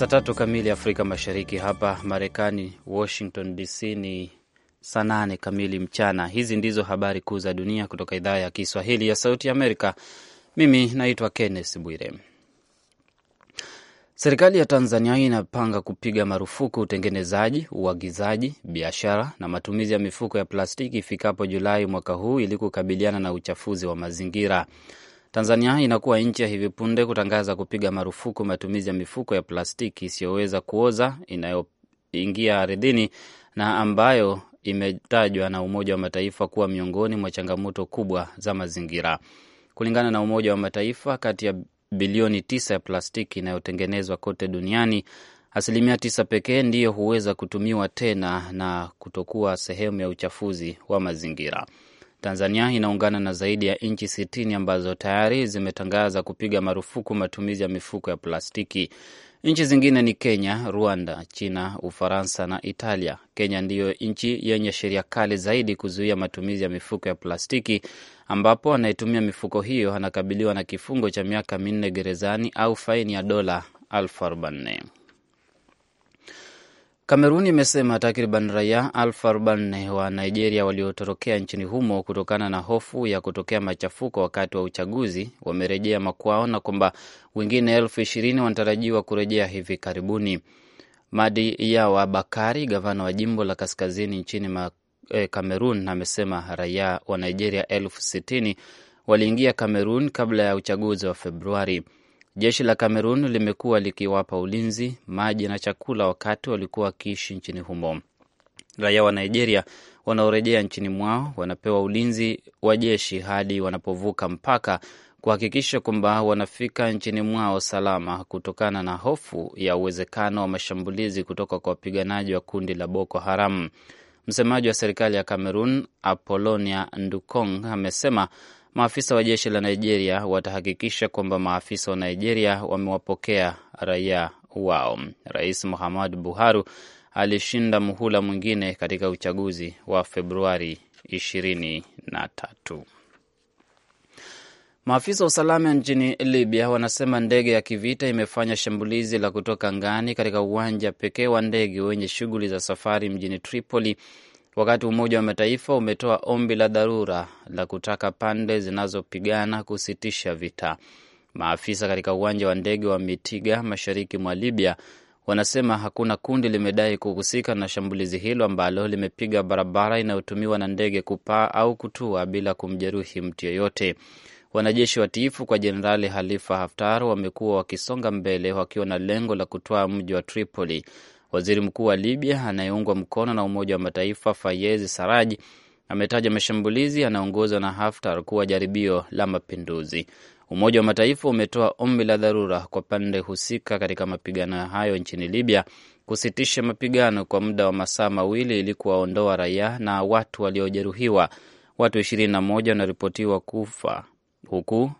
Saa tatu kamili Afrika Mashariki, hapa Marekani Washington DC ni saa nane kamili mchana. Hizi ndizo habari kuu za dunia kutoka idhaa ya Kiswahili ya Sauti ya Amerika. Mimi naitwa Kenneth Bwire. Serikali ya Tanzania inapanga kupiga marufuku utengenezaji, uagizaji, biashara na matumizi ya mifuko ya plastiki ifikapo Julai mwaka huu ili kukabiliana na uchafuzi wa mazingira. Tanzania inakuwa nchi ya hivi punde kutangaza kupiga marufuku matumizi ya mifuko ya plastiki isiyoweza kuoza inayoingia ardhini na ambayo imetajwa na Umoja wa Mataifa kuwa miongoni mwa changamoto kubwa za mazingira. Kulingana na Umoja wa Mataifa, kati ya bilioni tisa ya plastiki inayotengenezwa kote duniani, asilimia tisa pekee ndiyo huweza kutumiwa tena na kutokuwa sehemu ya uchafuzi wa mazingira. Tanzania inaungana na zaidi ya nchi sitini ambazo tayari zimetangaza kupiga marufuku matumizi ya mifuko ya plastiki. Nchi zingine ni Kenya, Rwanda, China, Ufaransa na Italia. Kenya ndiyo nchi yenye sheria kali zaidi kuzuia matumizi ya mifuko ya plastiki, ambapo anayetumia mifuko hiyo anakabiliwa na kifungo cha miaka minne gerezani au faini ya dola elfu arobaini. Kamerun imesema takriban raia elfu arobaini wa Nigeria waliotorokea nchini humo kutokana na hofu ya kutokea machafuko wakati wa uchaguzi wamerejea makwao na kwamba wengine elfu ishirini wanatarajiwa kurejea hivi karibuni. Madi Yawa Bakari, gavana wa jimbo la kaskazini nchini eh, Kamerun, amesema raia wa Nigeria elfu sitini waliingia Kamerun kabla ya uchaguzi wa Februari. Jeshi la Kamerun limekuwa likiwapa ulinzi, maji na chakula wakati walikuwa wakiishi nchini humo. Raia wa Nigeria wanaorejea nchini mwao wanapewa ulinzi wa jeshi hadi wanapovuka mpaka kuhakikisha kwamba wanafika nchini mwao salama, kutokana na hofu ya uwezekano wa mashambulizi kutoka kwa wapiganaji wa kundi la Boko Haram. Msemaji wa serikali ya Kamerun Apolonia Ndukong amesema Maafisa wa jeshi la Nigeria watahakikisha kwamba maafisa wa Nigeria wamewapokea raia wao. Rais Muhammadu Buhari alishinda muhula mwingine katika uchaguzi wa Februari 23. Maafisa wa usalama nchini Libya wanasema ndege ya kivita imefanya shambulizi la kutoka ngani katika uwanja pekee wa ndege wenye shughuli za safari mjini Tripoli wakati Umoja wa Mataifa umetoa ombi la dharura la kutaka pande zinazopigana kusitisha vita. Maafisa katika uwanja wa ndege wa Mitiga mashariki mwa Libya wanasema hakuna kundi limedai kuhusika na shambulizi hilo ambalo limepiga barabara inayotumiwa na ndege kupaa au kutua bila kumjeruhi mtu yeyote. Wanajeshi watiifu kwa Jenerali Halifa Haftar wamekuwa wakisonga mbele wakiwa na lengo la kutoa mji wa Tripoli. Waziri mkuu wa Libya anayeungwa mkono na Umoja wa Mataifa Fayez Saraj ametaja mashambulizi yanayoongozwa na Haftar kuwa jaribio la mapinduzi. Umoja wa Mataifa umetoa ombi la dharura kwa pande husika katika mapigano hayo nchini Libya kusitisha mapigano kwa muda wa masaa mawili ili kuwaondoa raia na watu waliojeruhiwa. Watu 21 wanaripotiwa kufa huku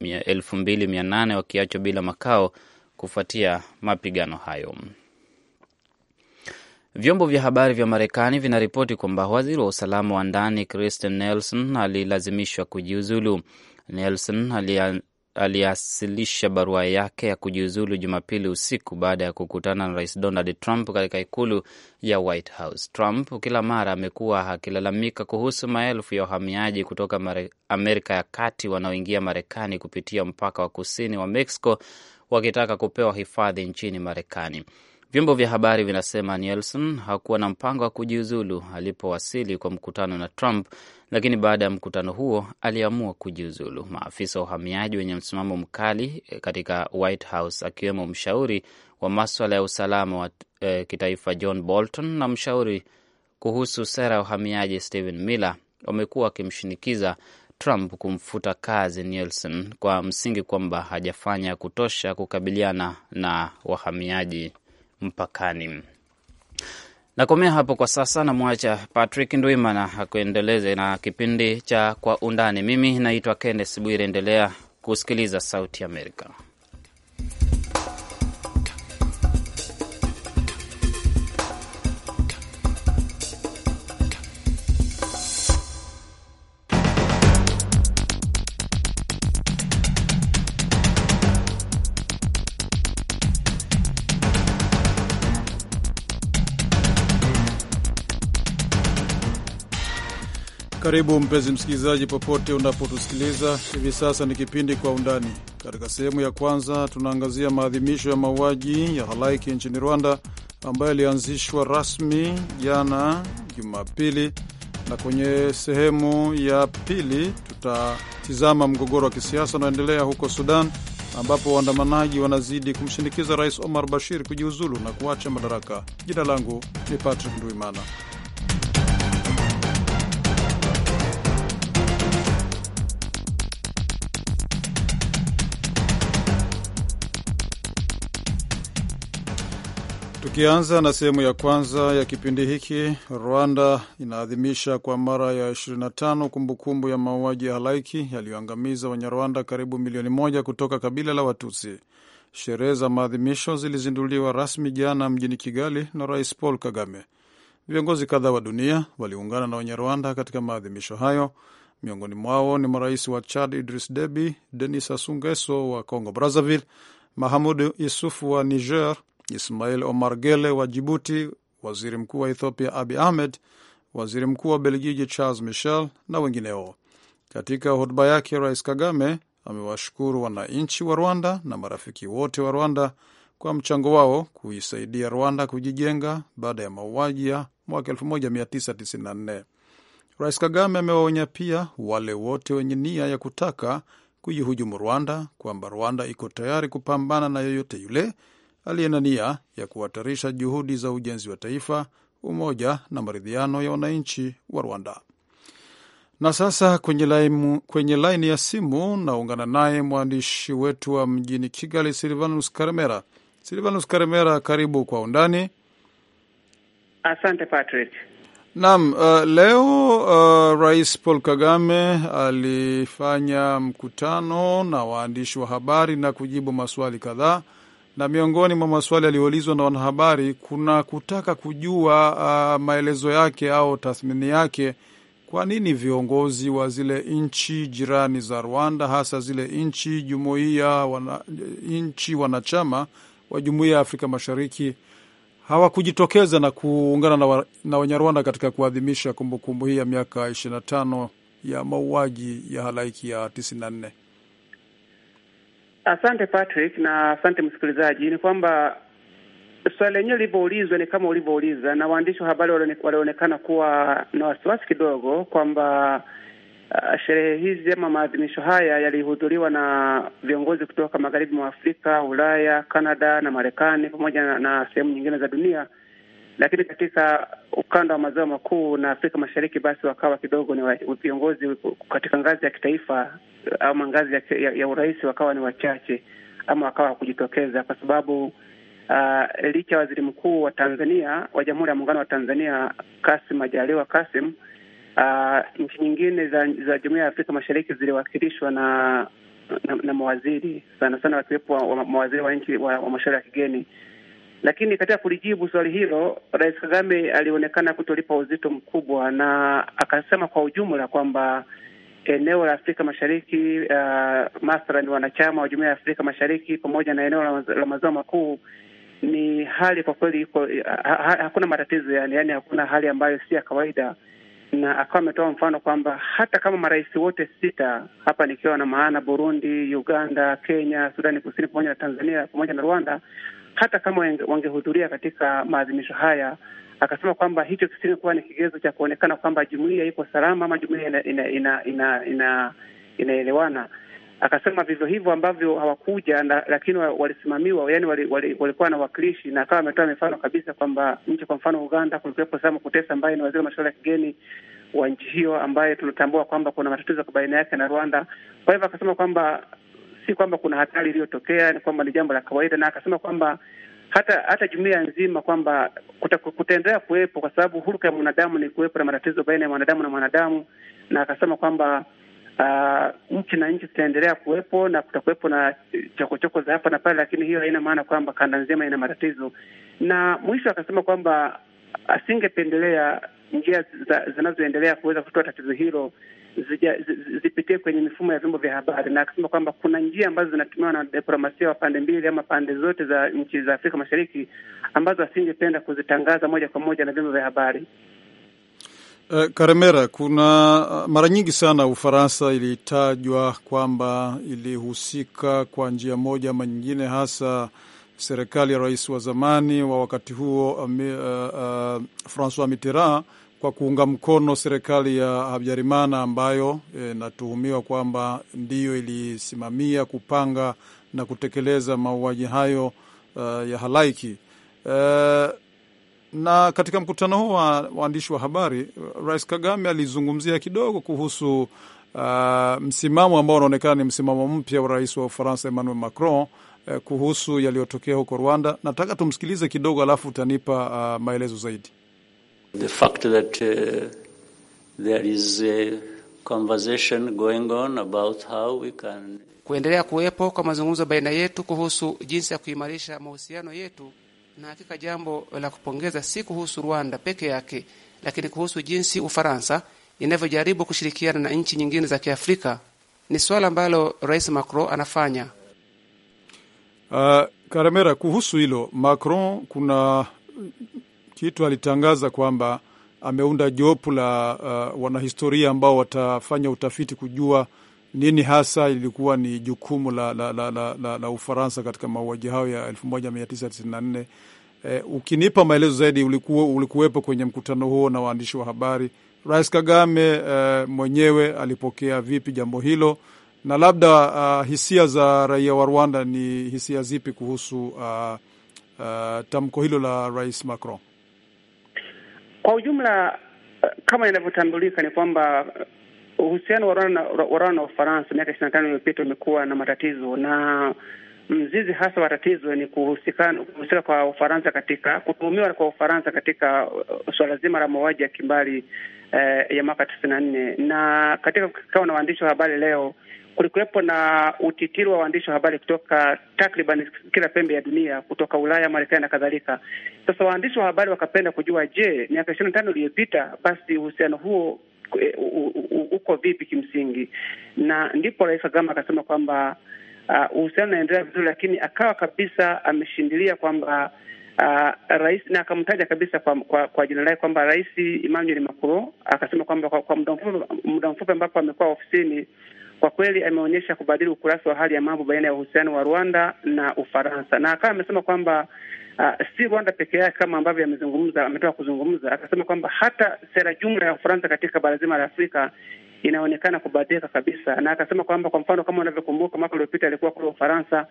2800 wakiachwa bila makao kufuatia mapigano hayo. Vyombo vya habari vya Marekani vinaripoti kwamba waziri wa usalama wa ndani Kristen Nelson alilazimishwa kujiuzulu. Nelson aliasilisha barua yake ya kujiuzulu Jumapili usiku baada ya kukutana na rais Donald Trump katika ikulu ya White House. Trump kila mara amekuwa akilalamika kuhusu maelfu ya wahamiaji kutoka Mare Amerika ya kati wanaoingia Marekani kupitia mpaka wa kusini wa Mexico wakitaka kupewa hifadhi nchini Marekani. Vyombo vya habari vinasema Nielsen hakuwa na mpango wa kujiuzulu alipowasili kwa mkutano na Trump, lakini baada ya mkutano huo aliamua kujiuzulu. Maafisa wa uhamiaji wenye msimamo mkali eh, katika White House, akiwemo mshauri wa maswala ya usalama wa e, kitaifa John Bolton na mshauri kuhusu sera ya uhamiaji Stephen Miller, wamekuwa wakimshinikiza Trump kumfuta kazi Nielsen kwa msingi kwamba hajafanya kutosha kukabiliana na wahamiaji mpakani. Nakomea hapo kwa sasa, namwacha Patrick Ndwimana akuendeleze na kipindi cha Kwa Undani. Mimi naitwa Kenneth Bwire, endelea kusikiliza Sauti Amerika. Karibu mpenzi msikilizaji, popote unapotusikiliza hivi sasa, ni kipindi Kwa Undani. Katika sehemu ya kwanza, tunaangazia maadhimisho ya mauaji ya halaiki nchini Rwanda ambayo ilianzishwa rasmi jana Jumapili, na kwenye sehemu ya pili tutatizama mgogoro wa kisiasa unaoendelea huko Sudan ambapo waandamanaji wanazidi kumshinikiza Rais Omar Bashir kujiuzulu na kuacha madaraka. Jina langu ni Patrick Nduimana. Tukianza na sehemu ya kwanza ya kipindi hiki, Rwanda inaadhimisha kwa mara ya 25 kumbukumbu ya mauaji ya halaiki yaliyoangamiza Wanyarwanda karibu milioni moja kutoka kabila la Watusi. Sherehe za maadhimisho zilizinduliwa rasmi jana mjini Kigali na Rais Paul Kagame. Viongozi kadhaa wa dunia waliungana na Wanyarwanda katika maadhimisho hayo. Miongoni mwao ni marais wa Chad Idris Deby, Denis Sassou Nguesso wa Congo Brazzaville, Mahamudu yusufu wa Niger, Ismail Omar Gele wa Jibuti, waziri mkuu wa Ethiopia Abi Ahmed, waziri mkuu wa Belgiji Charles Michel na wengineo. Katika hotuba yake, Rais Kagame amewashukuru wananchi wa Rwanda na marafiki wote wa Rwanda kwa mchango wao kuisaidia Rwanda kujijenga baada ya mauaji ya mwaka 1994. Rais Kagame amewaonya pia wale wote wenye nia ya kutaka kuihujumu Rwanda kwamba Rwanda iko tayari kupambana na yoyote yule aliye na nia ya kuhatarisha juhudi za ujenzi wa taifa, umoja na maridhiano ya wananchi wa Rwanda. Na sasa kwenye laini, kwenye laini ya simu naungana naye mwandishi wetu wa mjini Kigali, Silvanus Karemera. Silvanus Karemera, karibu kwa undani. Asante Patrick. Naam, uh, leo uh, Rais Paul Kagame alifanya mkutano na waandishi wa habari na kujibu maswali kadhaa na miongoni mwa maswali yaliyoulizwa na wanahabari kuna kutaka kujua uh, maelezo yake au tathmini yake, kwa nini viongozi wa zile nchi jirani za Rwanda, hasa zile nchi jumuiya wana, nchi wanachama wa jumuiya ya Afrika Mashariki hawakujitokeza na kuungana na, wa, na Wanyarwanda katika kuadhimisha kumbukumbu hii ya miaka 25 ya mauaji ya halaiki ya 94. Asante Patrick na asante msikilizaji. Ni kwamba swali lenyewe lilivyoulizwa ni kama ulivyouliza, na waandishi wa habari walionekana kuwa na wasiwasi kidogo kwamba uh, sherehe hizi ama maadhimisho haya yalihudhuriwa na viongozi kutoka magharibi mwa Afrika, Ulaya, Kanada na Marekani pamoja na, na sehemu nyingine za dunia lakini katika ukanda wa maziwa makuu na Afrika Mashariki basi wakawa kidogo ni viongozi katika ngazi ya kitaifa eh, ama ngazi ya, ya, ya urais wakawa ni wachache ama wakawa wakujitokeza kwa sababu uh, licha ya waziri mkuu wa Tanzania wa Jamhuri ya Muungano wa Tanzania kasim Majaliwa kasim uh, ah, nchi nyingine za, za Jumuiya ya Afrika Mashariki ziliwakilishwa na na, na mawaziri sana sana wakiwepo wa, wa, mawaziri wa nchi wa, wa mashauri ya kigeni lakini katika kulijibu swali hilo, Rais Kagame alionekana kutolipa uzito mkubwa, na akasema kwa ujumla kwamba eneo la Afrika Mashariki uh, mathalani wanachama wa Jumuiya ya Afrika Mashariki pamoja na eneo la, mazao maziwa makuu ni hali kwa kweli iko ha, hakuna matatizo yani, yani hakuna hali ambayo si ya kawaida, na akawa ametoa mfano kwamba hata kama marais wote sita hapa, nikiwa na maana Burundi, Uganda, Kenya, Sudani Kusini pamoja na Tanzania pamoja na Rwanda hata kama wangehudhuria katika maadhimisho haya. Akasema kwamba hicho kisingekuwa ni kigezo cha kuonekana kwamba jumuiya iko salama ama jumuiya inaelewana ina, ina, ina, ina. Akasema vivyo hivyo ambavyo hawakuja na, lakini walisimamiwa, yani walikuwa wali, wali na wakilishi, na akawa ametoa mifano kabisa kwamba nchi, kwa mfano Uganda, kulikuwepo Sam Kutesa ambaye ni waziri wa mashauri ya kigeni wa nchi hiyo ambaye tunatambua kwamba kuna matatizo kwa baina yake na Rwanda. Kwa hivyo akasema kwamba si kwamba kuna hatari iliyotokea, ni kwamba ni jambo la kawaida, na akasema kwamba hata hata jumuiya nzima kwamba kutaendelea kuwepo kwa sababu huruka ya mwanadamu ni kuwepo na matatizo baina ya mwanadamu na mwanadamu, na akasema kwamba uh, nchi na nchi zitaendelea kuwepo na kutakuwepo na chokochoko za hapa na pale, lakini hiyo haina maana kwamba kanda nzima ina matatizo. Na mwisho akasema kwamba asingependelea njia zinazoendelea kuweza kutoa tatizo hilo zipitie kwenye mifumo ya vyombo vya habari, na akasema kwamba kuna njia ambazo zinatumiwa na diplomasia wa pande mbili ama pande zote za nchi za Afrika Mashariki ambazo asingependa kuzitangaza moja kwa moja na vyombo vya habari. Uh, Karemera, kuna uh, mara nyingi sana Ufaransa ilitajwa kwamba ilihusika kwa njia moja ama nyingine, hasa serikali ya rais wa zamani wa wakati huo, uh, uh, Francois Mitterrand kwa kuunga mkono serikali ya Habyarimana ambayo eh, inatuhumiwa e, kwamba ndiyo ilisimamia kupanga na kutekeleza mauaji hayo uh, ya halaiki uh, na katika mkutano huu wa waandishi wa habari Rais Kagame alizungumzia kidogo kuhusu uh, msimamo ambao unaonekana ni msimamo mpya wa rais wa Ufaransa Emmanuel Macron uh, kuhusu yaliyotokea huko Rwanda. Nataka tumsikilize kidogo, alafu utanipa uh, maelezo zaidi. The fact that uh, there is a conversation going on about how we can... kuendelea kuwepo kwa mazungumzo baina yetu kuhusu jinsi ya kuimarisha mahusiano yetu, na hakika jambo la kupongeza si kuhusu Rwanda peke yake, lakini kuhusu jinsi Ufaransa inavyojaribu kushirikiana na nchi nyingine za Kiafrika. Ni swala ambalo Rais Macron anafanya. Uh, Karamera, kuhusu hilo Macron kuna kitu alitangaza kwamba ameunda jopo la uh, wanahistoria ambao watafanya utafiti kujua nini hasa ilikuwa ni jukumu la, la, la, la, la, la Ufaransa katika mauaji hayo ya 1994. Eh, ukinipa maelezo zaidi, ulikuwa ulikuwepo kwenye mkutano huo na waandishi wa habari. Rais Kagame eh, mwenyewe alipokea vipi jambo hilo, na labda uh, hisia za raia wa Rwanda ni hisia zipi kuhusu uh, uh, tamko hilo la Rais Macron? Kwa ujumla, eh, kama inavyotambulika ni kwamba eh, uhusiano wa Rwanda na Ufaransa miaka ishirini na tano iliyopita umekuwa na matatizo, na mzizi hasa wa tatizo ni kuhusika kwa Ufaransa katika kutuhumiwa kwa Ufaransa katika eh, suala zima la mauaji ya kimbali eh, ya mwaka tisini na nne na katika kikao na waandishi wa habari leo kulikuwepo na utitiri wa waandishi wa habari kutoka takriban kila pembe ya dunia, kutoka Ulaya, Marekani na kadhalika. Sasa waandishi wa habari wakapenda kujua, je, miaka ishirini na tano iliyopita basi uhusiano huo eh, uko vipi kimsingi? Na ndipo Rais Kagame akasema kwamba ah, uhusiano unaendelea vizuri, lakini akawa kabisa ameshindilia kwamba Uh, rais na akamtaja kabisa kwa, kwa, kwa jina lake kwamba Rais Emmanuel Macron akasema kwamba kwa, kwa muda mfupi ambapo amekuwa ofisini kwa kweli ameonyesha kubadili ukurasa wa hali ya mambo baina ya uhusiano wa Rwanda na Ufaransa, na akawa amesema kwamba uh, si Rwanda peke yake kama ambavyo amezungumza, ametoka kuzungumza, akasema kwamba hata sera jumla ya Ufaransa katika bara zima la Afrika inaonekana kubadilika kabisa, na akasema kwamba kwa mfano, kama unavyokumbuka, mwaka uliopita alikuwa kule Ufaransa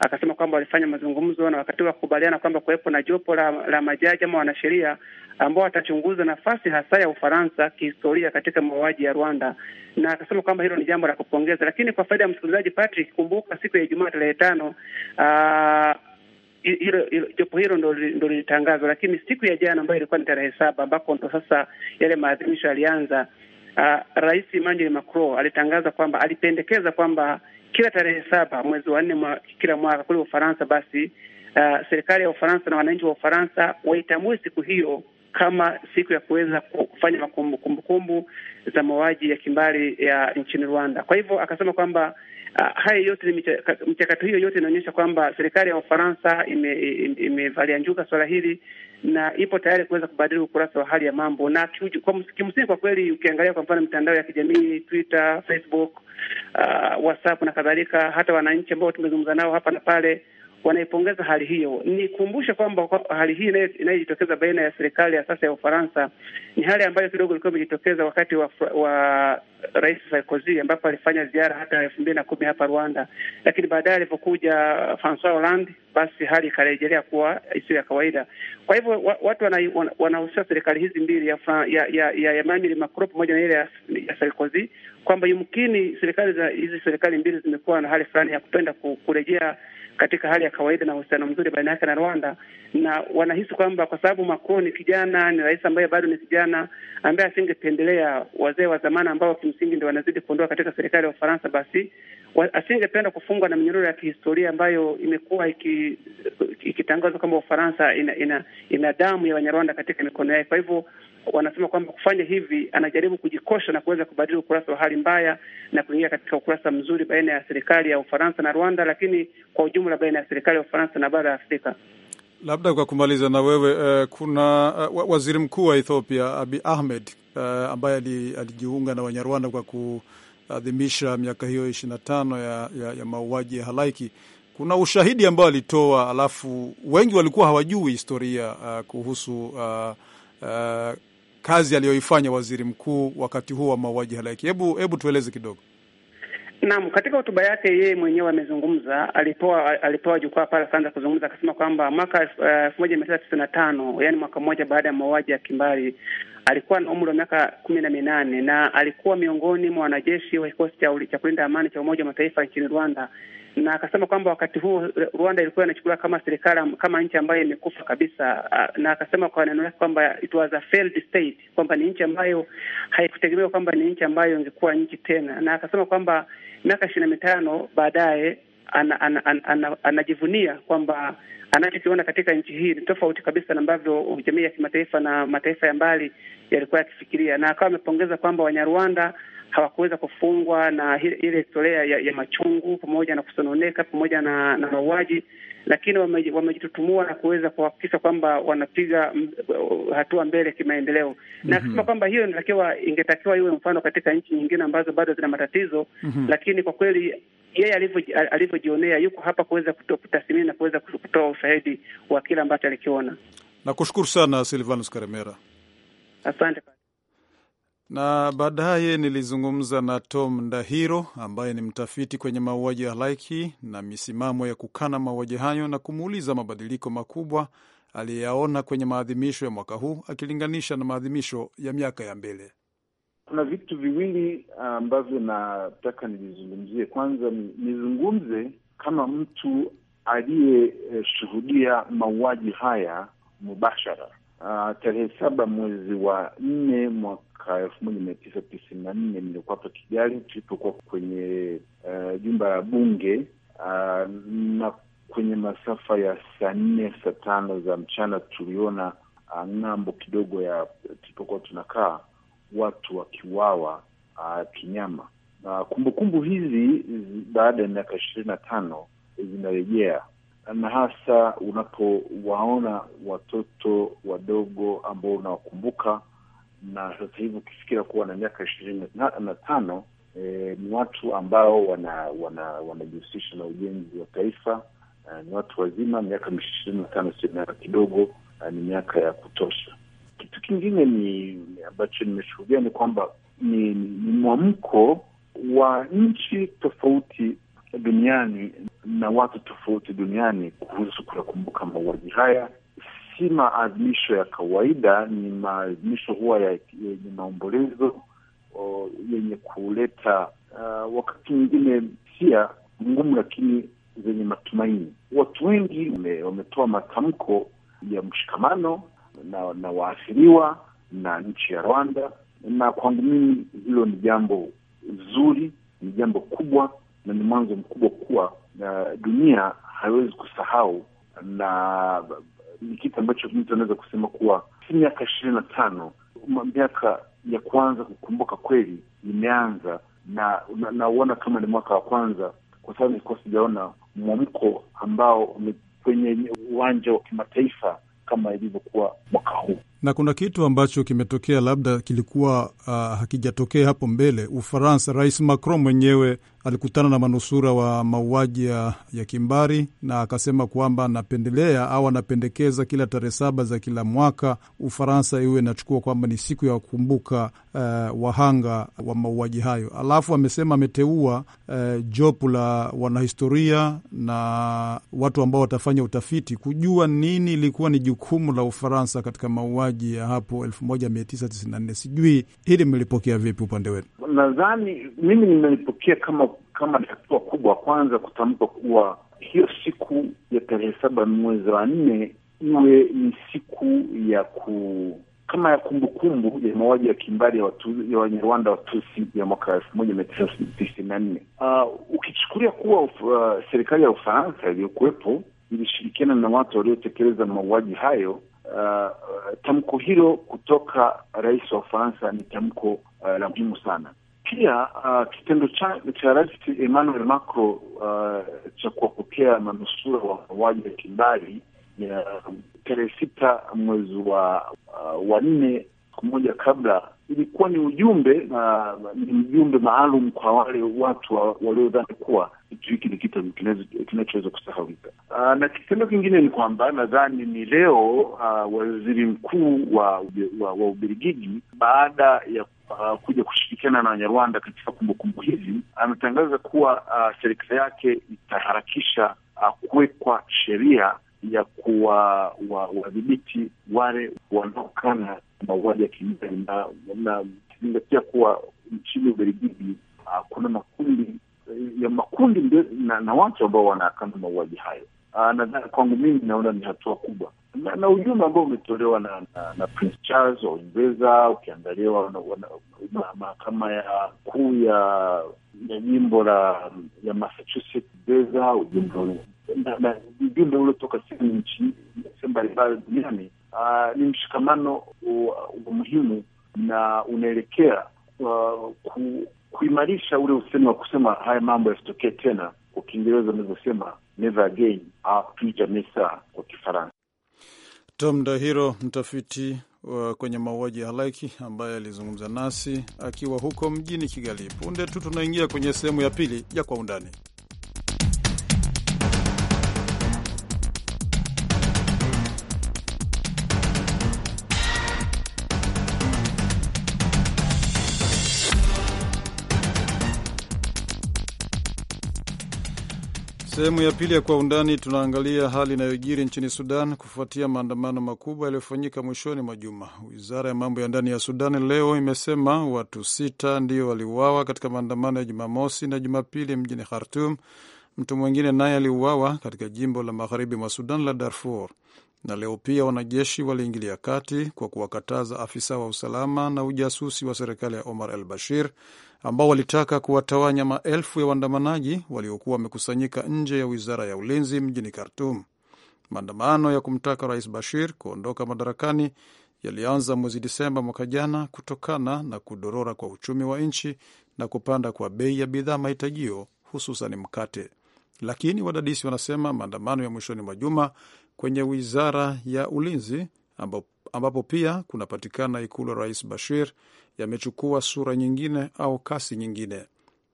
akasema kwamba walifanya mazungumzo na wakati wa kukubaliana kwamba kuwepo na jopo la, la majaji ama wanasheria ambao watachunguza nafasi hasa ya Ufaransa kihistoria katika mauaji ya Rwanda, na akasema kwamba hilo ni jambo la kupongeza. Lakini kwa faida ya msikilizaji Patrick, kumbuka siku ya Ijumaa tarehe tano ah, hilo jopo hilo ndo lilitangazwa, lakini siku ya jana ambayo ilikuwa ni tarehe saba ambako ndo sasa yale maadhimisho yalianza, ah, Rais Emmanuel Macron alitangaza kwamba alipendekeza kwamba kila tarehe saba mwezi wa nne kila mwaka kule Ufaransa, basi uh, serikali ya Ufaransa na wananchi wa Ufaransa waitambue siku hiyo kama siku ya kuweza kufanya makumbukumbu za mauaji ya kimbari ya nchini Rwanda. Kwa hivyo akasema kwamba uh, haya yote ni mchakato hiyo yote inaonyesha kwamba serikali ya Ufaransa imevalia ime, ime njuga swala hili na ipo tayari kuweza kubadili ukurasa wa hali ya mambo, na kimsingi, kwa kweli, ukiangalia kwa mfano mitandao ya kijamii Twitter, Facebook, uh, WhatsApp na kadhalika, hata wananchi ambao tumezungumza nao hapa na pale wanaipongeza hali hiyo. Nikumbushe kwamba hali hii inayojitokeza baina ya serikali ya sasa ya Ufaransa ni hali ambayo kidogo ilikuwa imejitokeza wakati wa, wa Rais Sarkozy ambapo alifanya ziara hata elfu mbili na kumi hapa Rwanda, lakini baadaye alivyokuja Francois Hollande, basi hali ikarejelea kuwa isiyo ya kawaida. Kwa hivyo wa, watu wanahusisha wana serikali hizi mbili ya ya, ya, ya, ya Emmanuel Macron pamoja na ile ya, ya Sarkozy kwamba yumkini serikali za hizi serikali mbili zimekuwa na hali fulani ya kupenda kurejea katika hali ya kawaida na uhusiano mzuri baina yake na Rwanda, na wanahisi kwamba kwa sababu Macron ni kijana, ni rais ambaye bado ni kijana, ambaye asingependelea wazee wa zamani ambao kimsingi ndio wanazidi kuondoa katika serikali ya Ufaransa, basi asingependa kufungwa na minyororo ya kihistoria ambayo imekuwa iki, ikitangazwa kwamba Ufaransa ina, ina, ina damu ya Wanyarwanda katika mikono yake. Kwa hivyo wanasema kwamba kufanya hivi anajaribu kujikosha na kuweza kubadili ukurasa wa hali mbaya na kuingia katika ukurasa mzuri baina ya serikali ya Ufaransa na Rwanda, lakini kwa ujumla baina ya serikali ya Ufaransa na bara la Afrika. Labda kwa kumaliza na wewe uh, kuna uh, waziri mkuu wa Ethiopia abi Ahmed uh, ambaye alijiunga na Wanyarwanda kwa kuadhimisha miaka hiyo ishirini na tano ya, ya, ya mauaji ya halaiki. Kuna ushahidi ambao alitoa, alafu wengi walikuwa hawajui historia uh, kuhusu uh, uh, kazi aliyoifanya waziri mkuu wakati huu wa mauaji halaiki. Hebu hebu tueleze kidogo. Naam, katika hotuba yake yeye mwenyewe amezungumza, alipewa alipewa jukwaa pale, akaanza kuzungumza, akasema kwamba mwaka eh, elfu moja mia tisa tisini na tano yaani mwaka mmoja baada ya mauaji ya kimbari, alikuwa na umri wa miaka kumi na minane na alikuwa miongoni mwa wanajeshi wa kikosi cha kulinda amani cha Umoja wa Mataifa nchini Rwanda na akasema kwamba wakati huo Rwanda ilikuwa inachukuliwa kama serikali kama nchi ambayo imekufa kabisa, ah, na akasema kwa neno lake kwamba it was a failed state, kwamba ni nchi ambayo haikutegemewa kwamba ni nchi ambayo ingekuwa nchi tena, na akasema kwamba miaka ishirini na mitano baadaye anajivunia ana, ana, ana, ana kwamba anachokiona katika nchi hii ni tofauti kabisa na ambavyo jamii ya kimataifa na mataifa ya mbali yalikuwa yakifikiria, na akawa amepongeza kwamba Wanyarwanda hawakuweza kufungwa na ile historia ya, ya machungu pamoja na kusononeka pamoja na, na mauaji, lakini wamejitutumua na kuweza kuhakikisha kwamba wanapiga hatua mbele kimaendeleo mm -hmm. na mhm. kusema kwamba hiyo inatakiwa ingetakiwa iwe mfano katika nchi nyingine ambazo bado zina matatizo mm -hmm. lakini kwa kweli yeye alivyojionea yuko hapa kuweza kutathmini na kuweza kutoa ushahidi wa kile ambacho alikiona. Nakushukuru sana Silvanus Karemera, asante na baadaye nilizungumza na Tom Ndahiro ambaye ni mtafiti kwenye mauaji ya halaiki na misimamo ya kukana mauaji hayo na kumuuliza mabadiliko makubwa aliyeyaona kwenye maadhimisho ya mwaka huu akilinganisha na maadhimisho ya miaka ya mbele. Kuna vitu viwili ambavyo nataka nilizungumzie. Kwanza nizungumze kama mtu aliyeshuhudia mauaji haya mubashara Uh, tarehe saba mwezi wa nne mwaka elfu moja mia tisa tisini na nne nilikuwa hapa Kigali tulipokuwa kwenye uh, jumba la bunge uh, na kwenye masafa ya saa nne saa tano za mchana tuliona uh, ng'ambo kidogo ya tulipokuwa tunakaa watu wakiwawa uh, kinyama. Kumbukumbu uh, kumbu hizi baada ya miaka ishirini na tano zinarejea na hasa unapowaona watoto wadogo ambao unawakumbuka na sasa hivi ukifikira kuwa na miaka ishirini na tano e, ni watu ambao wanajihusisha wana, wana na ujenzi wa taifa e, ni watu wazima. Miaka ishirini na tano sio miaka kidogo, eh, ni miaka ya kutosha. Kitu kingine ni ambacho nimeshuhudia ni kwamba ni, ni mwamko wa nchi tofauti duniani na watu tofauti duniani kuhusu kuyakumbuka mauaji haya. Si maadhimisho ya kawaida, ni maadhimisho huwa yenye maombolezo yenye kuleta uh, wakati mwingine hisia ngumu, lakini zenye matumaini. Watu wengi wametoa matamko ya mshikamano na, na waathiriwa na nchi ya Rwanda, na kwangu mimi hilo ni jambo zuri, ni jambo kubwa na ni mwanzo mkubwa kuwa na dunia haiwezi kusahau, na ni kitu ambacho mtu anaweza kusema kuwa si miaka ishirini na tano miaka ya kwanza kukumbuka kweli imeanza, na nauona na kama ni mwaka wa kwanza, kwa sababu nilikuwa sijaona mwamko ambao kwenye uwanja wa kimataifa kama ilivyokuwa mwaka huu. Na kuna kitu ambacho kimetokea, labda kilikuwa uh, hakijatokea hapo mbele. Ufaransa, Rais Macron mwenyewe alikutana na manusura wa mauaji ya, ya kimbari na akasema kwamba anapendelea au anapendekeza kila tarehe saba za kila mwaka Ufaransa iwe inachukua kwamba ni siku ya kukumbuka uh, wahanga wa mauaji hayo. Alafu amesema ameteua uh, jopo la wanahistoria na watu ambao watafanya utafiti kujua nini ilikuwa ni jukumu la Ufaransa katika mauaji ya hapo 1994. Sijui hili mmelipokea vipi upande wenu? Nadhani mimi nimelipokea kama kama ni hatua kubwa, kwanza kutamka kuwa hiyo siku ya tarehe saba mwezi wa nne iwe ni siku ya ku kama ya kumbukumbu ya mauaji ya kimbari ya watu, Wanyarwanda Watusi ya mwaka elfu moja mia tisa tisini na nne. Ah, ukichukulia kuwa uh, serikali ya Ufaransa iliyokuwepo ilishirikiana na watu waliotekeleza mauaji hayo, uh, tamko hilo kutoka rais wa Ufaransa ni tamko uh, la muhimu sana. Pia uh, kitendo cha rais Emmanuel Macron uh, cha kuwapokea manusura wa mauaji ya kimbari ya um, tarehe sita mwezi wa uh, wa nne siku moja kabla ilikuwa ni ujumbe na ni ujumbe maalum kwa wale watu wa, waliodhani kuwa kitu hiki ni kitu kinachoweza kusahaulika. Uh, na kitendo kingine ni kwamba nadhani ni leo uh, waziri mkuu wa, wa, wa Ubelgiji baada ya uh, kuja kushirikiana na Wanyarwanda katika kumbukumbu hizi, ametangaza kuwa uh, serikali yake itaharakisha uh, kuwekwa sheria ya kuwadhibiti wa, wale wanaokana mauaji ya kimbari, na nazingatia kuwa nchini Ubelgiji uh, kuna makundi uh, ya makundi na, na watu ambao wanakana mauaji hayo. Uh, nadhani kwangu mimi naona ni hatua kubwa na, na ujumbe ambao umetolewa na, na, na Prince Charles wa Uingereza, ukiangalia mahakama ya kuu ya ya jimbo la ya Massachusetts Beza, ujumbe uliotoka sehemu mbalimbali duniani ah, ni mshikamano wa muhimu na unaelekea ah, ku, kuimarisha ule usemi wa kusema haya mambo yasitokee tena, kwa Kiingereza unavyosema never again au plus jamais kwa Kifaransa. Tom Dahiro, mtafiti kwenye mauaji ya halaiki ambaye alizungumza nasi akiwa huko mjini Kigali. Punde tu tunaingia kwenye sehemu ya pili ya Kwa Undani. Sehemu ya pili ya Kwa Undani tunaangalia hali inayojiri nchini Sudan kufuatia maandamano makubwa yaliyofanyika mwishoni mwa juma. Wizara ya mambo ya ndani ya Sudan leo imesema watu sita ndio waliuawa katika maandamano ya Jumamosi na Jumapili mjini Khartum. Mtu mwingine naye aliuawa katika jimbo la magharibi mwa Sudan la Darfur. Na leo pia wanajeshi waliingilia kati kwa kuwakataza afisa wa usalama na ujasusi wa serikali ya Omar al Bashir ambao walitaka kuwatawanya maelfu ya waandamanaji waliokuwa wamekusanyika nje ya wizara ya ulinzi mjini Khartum. Maandamano ya kumtaka Rais Bashir kuondoka madarakani yalianza mwezi Disemba mwaka jana kutokana na kudorora kwa uchumi wa nchi na kupanda kwa bei ya bidhaa mahitajio, hususan mkate. Lakini wadadisi wanasema maandamano ya mwishoni mwa juma kwenye wizara ya ulinzi ambapo pia kunapatikana ikulu rais Bashir yamechukua sura nyingine au kasi nyingine.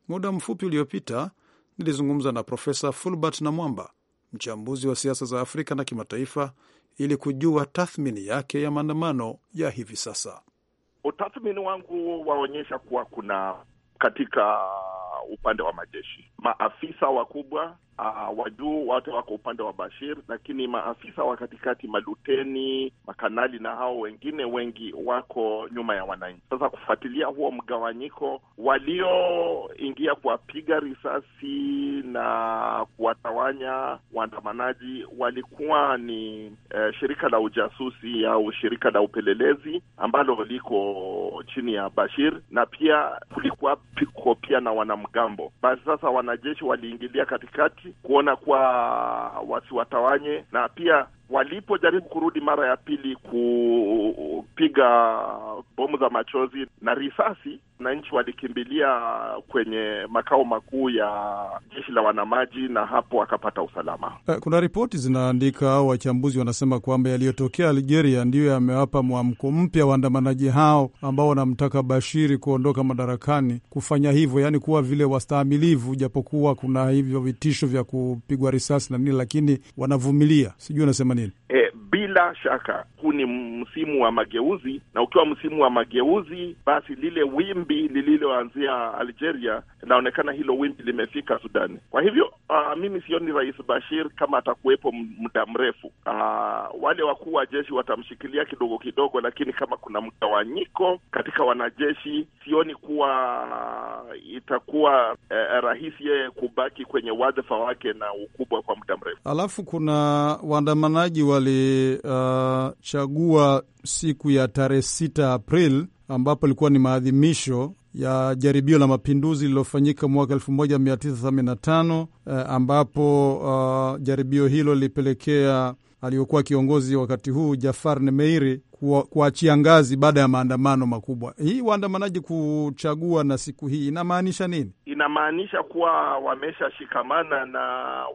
Muda mfupi uliopita nilizungumza na Profesa Fulbert Namwamba, mchambuzi wa siasa za Afrika na kimataifa, ili kujua tathmini yake ya maandamano ya hivi sasa. Utathmini wangu waonyesha kuwa kuna katika upande wa majeshi. Maafisa wakubwa uh, ah, wa juu wote wako upande wa Bashir, lakini maafisa wa katikati, maluteni, makanali na hao wengine wengi wako nyuma ya wananchi. Sasa kufuatilia huo mgawanyiko, walioingia kuwapiga risasi na kuwatawanya waandamanaji walikuwa ni eh, shirika la ujasusi au shirika la upelelezi ambalo liko chini ya Bashir, na pia kulikuwa piko pia na wanam wanamgambo. Basi sasa wanajeshi waliingilia katikati kuona kuwa wasiwatawanye, na pia walipojaribu kurudi mara ya pili kupiga bomu za machozi na risasi wananchi walikimbilia kwenye makao makuu ya jeshi la wanamaji na hapo akapata usalama. Eh, kuna ripoti zinaandika au wachambuzi wanasema kwamba yaliyotokea Algeria ndiyo yamewapa mwamko mpya waandamanaji hao ambao wanamtaka Bashiri kuondoka madarakani kufanya hivyo, yaani kuwa vile wastahamilivu, japokuwa kuna hivyo vitisho vya kupigwa risasi na nini, lakini wanavumilia. Sijui unasema nini? E, bila shaka huu ni msimu wa mageuzi, na ukiwa msimu wa mageuzi, basi lile wimbi lililoanzia Algeria inaonekana hilo wimbi limefika Sudani. Kwa hivyo uh, mimi sioni Rais Bashir kama atakuwepo muda mrefu. Uh, wale wakuu wa jeshi watamshikilia kidogo kidogo, lakini kama kuna mgawanyiko katika wanajeshi, sioni kuwa uh, itakuwa uh, rahisi yeye kubaki kwenye wadhifa wake na ukubwa kwa muda mrefu. Alafu kuna waandamanaji wa walichagua uh, siku ya tarehe sita April ambapo ilikuwa ni maadhimisho ya jaribio la mapinduzi lililofanyika mwaka 1985 uh, eh, ambapo uh, jaribio hilo lilipelekea aliyokuwa kiongozi wakati huu Jafar Nemeiri kuachia ngazi baada ya maandamano makubwa. Hii waandamanaji kuchagua na siku hii inamaanisha nini? Inamaanisha kuwa wameshashikamana na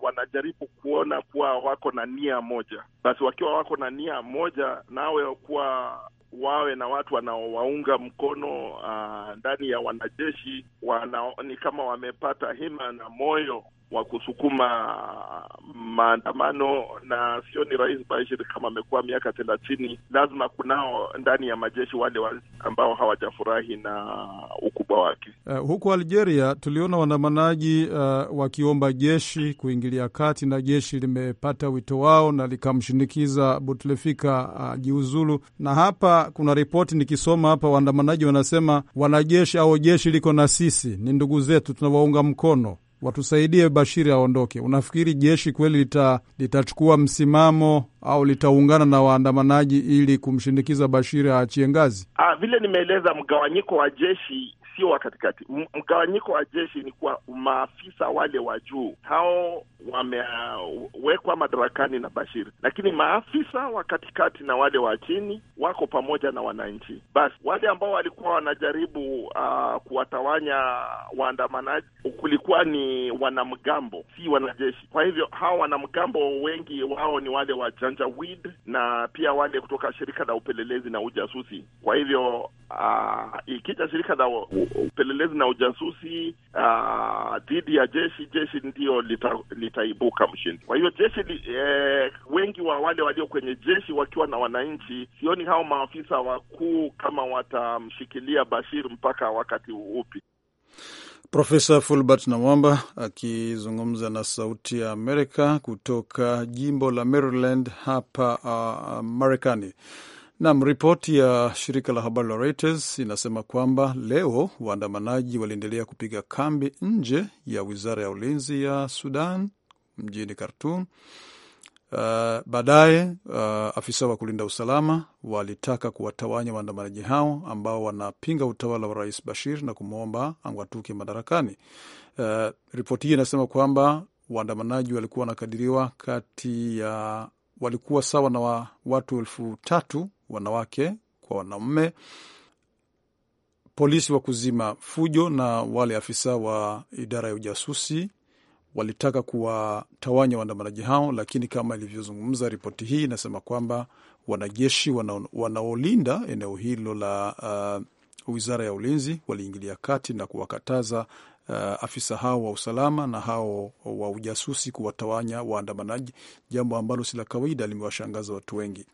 wanajaribu kuona kuwa wako na nia moja. Basi wakiwa wako na nia moja, nawe kuwa wawe na watu wanaowaunga mkono ah, ndani ya wanajeshi wana, ni kama wamepata hima na moyo wa kusukuma maandamano, na sio ni Rais Bashir kama amekuwa miaka thelathini, lazima kunao ndani ya majeshi wale ambao hawajafurahi na ukubwa wake. Uh, eh, huku Algeria tuliona waandamanaji uh, wakiomba jeshi kuingilia kati, na jeshi limepata wito wao na likamshinikiza Bouteflika ajiuzulu. Uh, na hapa kuna ripoti nikisoma hapa, waandamanaji wanasema wanajeshi au jeshi liko na sisi, ni ndugu zetu, tunawaunga mkono watusaidie Bashiri aondoke. Unafikiri jeshi kweli lita, litachukua msimamo au litaungana na waandamanaji ili kumshindikiza Bashiri aachie ngazi? Ah, vile nimeeleza mgawanyiko wa jeshi sio wa katikati. Mgawanyiko wa jeshi ni kuwa maafisa wale wa juu hao wamewekwa madarakani na Bashir, lakini maafisa wa katikati na wale wa chini wako pamoja na wananchi. Basi wale ambao walikuwa wanajaribu uh, kuwatawanya waandamanaji kulikuwa ni wanamgambo, si wanajeshi. Kwa hivyo hawa wanamgambo wengi wao ni wale wa Janjaweed na pia wale kutoka shirika la upelelezi na ujasusi. Kwa hivyo Uh, ikija shirika la upelelezi na ujasusi ah, dhidi ya jeshi, jeshi ndio lita, litaibuka mshindi. Kwa hiyo jeshi li, eh, wengi wa wale walio kwenye jeshi wakiwa na wananchi, sioni hao maafisa wakuu kama watamshikilia Bashir mpaka wakati upi. Profesa Fulbert Namwamba akizungumza na Sauti ya Amerika kutoka jimbo la Maryland hapa uh, Marekani. Nam, ripoti ya shirika la habari la Reuters inasema kwamba leo waandamanaji waliendelea kupiga kambi nje ya wizara ya ulinzi ya Sudan mjini Khartum. Uh, baadaye uh, afisa wa kulinda usalama walitaka kuwatawanya waandamanaji hao ambao wanapinga utawala wa Rais Bashir na kumwomba ang'atuke madarakani. Uh, ripoti hii inasema kwamba waandamanaji walikuwa wanakadiriwa kati ya walikuwa sawa na wa, watu elfu tatu wanawake kwa wanaume, polisi wa kuzima fujo na wale afisa wa idara ya ujasusi walitaka kuwatawanya waandamanaji hao, lakini kama ilivyozungumza ripoti hii inasema kwamba wanajeshi wanaolinda eneo hilo la uh, wizara ya ulinzi waliingilia kati na kuwakataza uh, afisa hao wa usalama na hao wa ujasusi kuwatawanya waandamanaji, jambo ambalo si la kawaida, limewashangaza watu wengi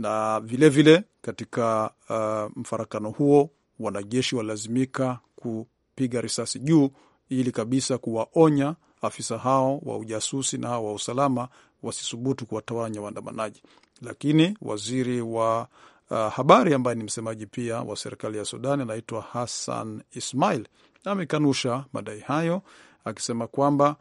na vilevile vile, katika uh, mfarakano huo wanajeshi walazimika kupiga risasi juu ili kabisa kuwaonya afisa hao wa ujasusi na hao wa usalama wasisubutu kuwatawanya waandamanaji. Lakini waziri wa uh, habari ambaye ni msemaji pia wa serikali ya Sudan anaitwa Hassan Ismail amekanusha madai hayo akisema kwamba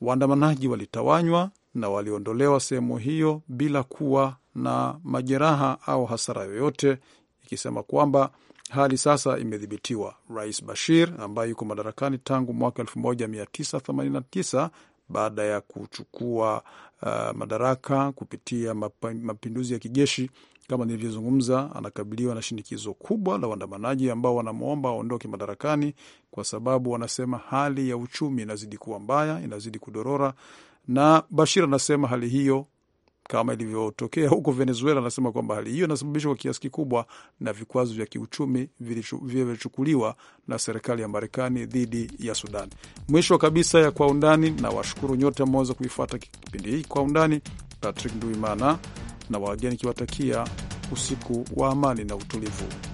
waandamanaji walitawanywa na waliondolewa sehemu hiyo bila kuwa na majeraha au hasara yoyote, ikisema kwamba hali sasa imedhibitiwa. Rais Bashir ambaye yuko madarakani tangu mwaka 1989 baada ya kuchukua uh, madaraka kupitia mapinduzi ya kijeshi, kama nilivyozungumza, anakabiliwa na shinikizo kubwa la waandamanaji ambao wanamwomba aondoke madarakani, kwa sababu wanasema hali ya uchumi inazidi kuwa mbaya, inazidi kudorora, na Bashir anasema hali hiyo kama ilivyotokea huko Venezuela. Anasema kwamba hali hiyo inasababishwa kwa kiasi kikubwa na vikwazo vya kiuchumi vilivyochukuliwa na serikali ya Marekani dhidi ya Sudan. Mwisho kabisa ya Kwa Undani, na washukuru nyote ameweza kuifuata kipindi hiki Kwa Undani. Patrick Nduimana na wageni kiwatakia usiku wa amani na utulivu.